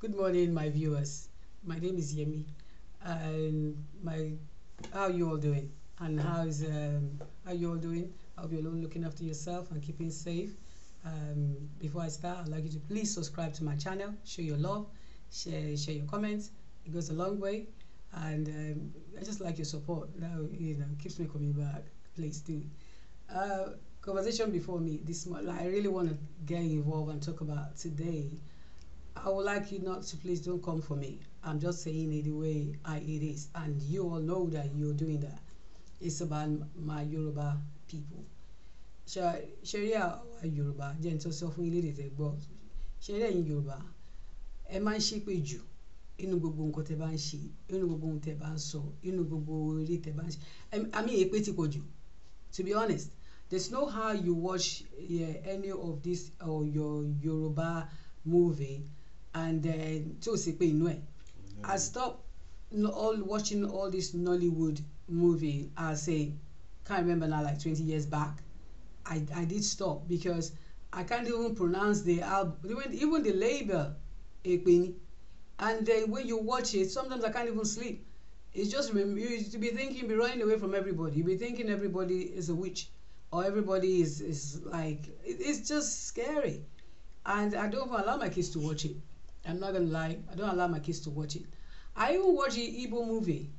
Good morning, my viewers. My name is Yemi, and my how are you all doing? And how is um, how you all doing? I hope you're all looking after yourself and keeping safe. Um, before I start, I'd like you to please subscribe to my channel, show your love, share share your comments. It goes a long way, and um, I just like your support. Now you know keeps me coming back. Please do. Uh, conversation before me this morning. I really want to get involved and talk about today I would like you not to please don't come for me. I'm just saying it the way I, it is, and you all know that you're doing that. It's about my Yoruba people. ṣeré àwa Yorùbá jẹ́ ní tó sọ fún ilé ìdẹ̀tẹ̀ gbọ́ ṣeré ẹ̀yin Yorùbá ẹ máa ń inu jù inú gbogbo nǹkan tẹ bá ń ṣe inú gbogbo nǹkan tẹ bá ń sọ inú gbogbo eré tẹ bá ń ṣe àmì èpè ti pọ̀ jù to be honest there's no how you watch yeah, any of this or your Yoruba movie and eh, tí ò sí pé I stop all watching all this Nollywood movie I say can't remember now like twenty years back I I did stop because I can't even pronounce the album even, even the label and then eh, when you watch it sometimes I can't even sleep it's just you to be thinking be running away from everybody you be thinking everybody is a witch or everybody is, is like it's just scary and i don't allow my kids to watch it I'm not gonna lie, I don't allow my kids to watch it. I even watch the Igbo movie.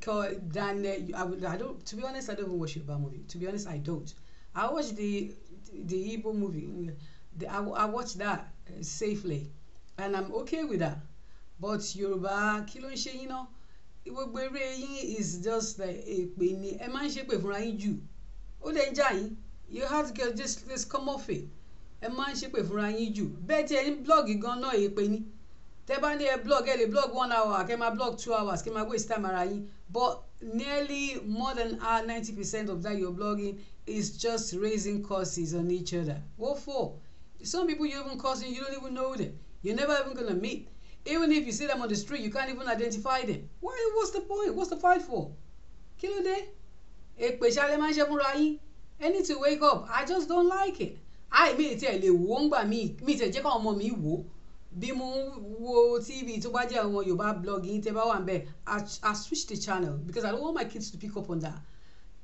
Cause then uh, I, I don't. To be honest, I don't even watch Yoruba movie. To be honest, I don't. I watch the the Igbo movie. The, I, I watch that uh, safely, and I'm okay with that. But Yoruba, kí ló ń ṣe yín náà? gbogbo eré yín is just èpè ni ẹ máa ń ṣépè fúnra yín jù ó lè ń jà yín you have to get this, this come off it ẹ máa ń ṣépè fúnra yín jù bẹ́ẹ̀ tí ẹ ní blọ́ọ̀gì gan náà èèpè ni tẹ́ bá ní ẹ blọ́ọ̀gì ẹ lè blọ́ọ̀gì one hour kẹ́ máa blọ́ọ̀gì two hours kẹ́ máa waste time ara yín but nearly more than ninety percent of that your blogging is just raising curses on each other what for some people you even cursing you don't even know them You never even gonna meet even if you see them on the street you can't even identify them why what's the point what's the fight for kí ló dé èpè ṣalẹ̀ máa ń ṣe fúnra yín I need to wake up I just don't like it àì mí ì tiẹ̀ lè wò ó ńgbà mí mi ì tiẹ̀ jẹ́ káwọn ọmọ mi wò ó bí mo ń wo tv tó bá jẹ́ àwọn yorùbá blog yìí tẹ́ bá wà ń bẹ̀ i switch the channel because i don't want my kids to pick up on that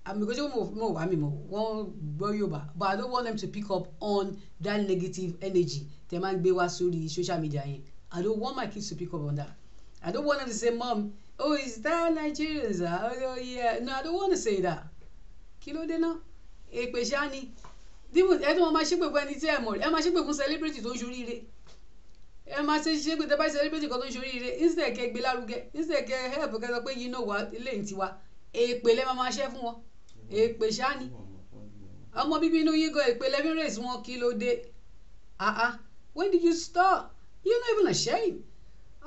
àmìkọ́jọ́ mo wà mí mo wọ́n gbọ́ yorùbá but i don't want them to pick up on that negative energy tẹ́ máa ń gbé wá sórí social media yẹn i don't want my kids to pick up on that i don't want them to say mom oh is that nigerians ah oh yeah no i don't want to say that kí ló dé náà èpè ṣáá ni dípò ẹ tí wọn máa ṣépè fún ẹni tí ẹ mọ̀ ẹ máa ṣépè fún celebrity tó ń ṣoríire ẹ máa ṣe ṣépè tẹ́ bá celebrity kan tó ń ṣoríire instead kẹ́ gbé lárugẹ instead kẹ́ help kẹ́ sọ pé yìí náà wà lẹ́yìn tiwa èèpè lẹ́ máa máa ṣẹ́ fún wọn èèpè ṣáà ni ọmọ bíbí inú yín gan èèpè leverage wọn kí ló dé ah ah when did you stop you no even ashamed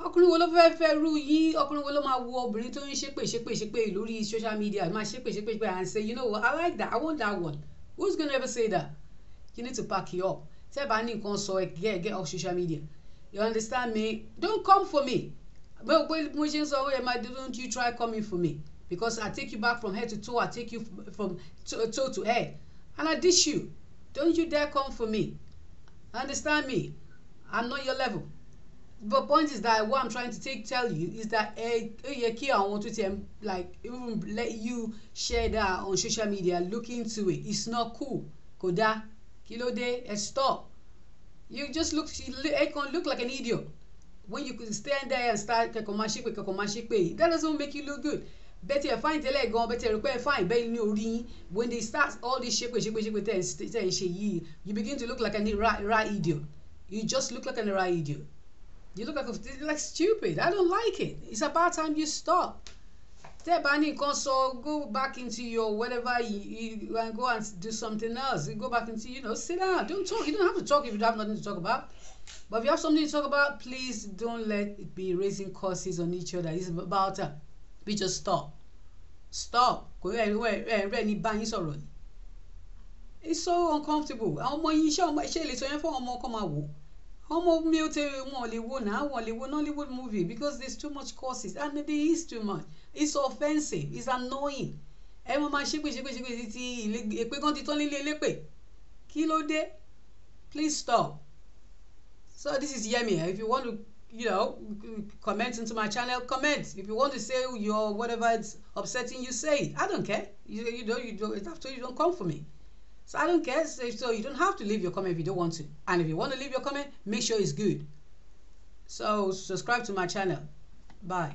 ọkùnrin wo ló fẹ́ fẹ́ rú yín ọkùnrin wo ló máa wo obìnrin tó ń ṣépè ṣépè ṣépè lórí social media máa ṣépè ṣépè ṣépè and say you know what i like that i want that one who's gonna ever say that you need to pack you up tẹ́ "Bani, ní nǹkan sọ get get off social media you understand me don't come for me mo pé mo ṣe ń sọ ẹ oh, don't you try coming for me because i take you back from head to toe i take you from toe to head and i dish you don't you dare come for me understand me i'm not your level the point is that what i'm trying to take tell you is that ẹ eh, ó yẹ kí àwọn tó tiẹ̀ like even let you share that on social media look into it it's not cool kò dáa kí ló dé ẹ eh, stop you just look ẹ kàn eh, look like an idiot when you stand there and start kẹkọọ máa ṣépè kẹkọọ máa ṣépè that doesn't make you look good bẹ́tẹ̀ ẹ̀ fáìn tẹ́lẹ̀ gan bẹ́tẹ̀ rẹ̀ pé ẹ̀ fáìn bẹ́ẹ̀ ní orí yín when they start all this ṣépè ṣépè ṣépè tẹ̀ ẹ̀ ṣe yìí you begin to look like an ira ira idiot you just look like an ira idiot You look like a, like stupid. I don't like it. It's about time you stop. Tẹ́ bá ní sọ, go back into your whatever you, you and go and do something else. Go back into you know sit down. Don't talk. You don't have to talk if you have nothing to talk about. But if you have something to talk about, please don't let it be raising curses on each other. It's about time. Uh, we just stop. Stop. Go rí ẹ̀rí ẹ̀rí ẹni bá It's so uncomfortable. Àwọn ọmọ yín iṣẹ́ ọmọ iṣẹ́ ìlẹ̀sọ̀ yẹn fún ọmọ ọkọ máa Homo military won le wo na won le wo Nollywood movie because there's too much courses and there is too much. It's offensive, it's annoying. Ẹ mo máa ṣépè ṣépè ṣépè títí èpè kan ti tán nílé elépè. Kí ló dé? Please stop. So this is Yemi. If you want to, you know, comment into my channel, comment. If you want to say your whatever it's upsetting you, say it. I don't care. You, you don't you don't after you don't come for me. So I don't care. So you don't have to leave your comment if you don't want to. And if you want to leave your comment, make sure it's good. So subscribe to my channel. Bye.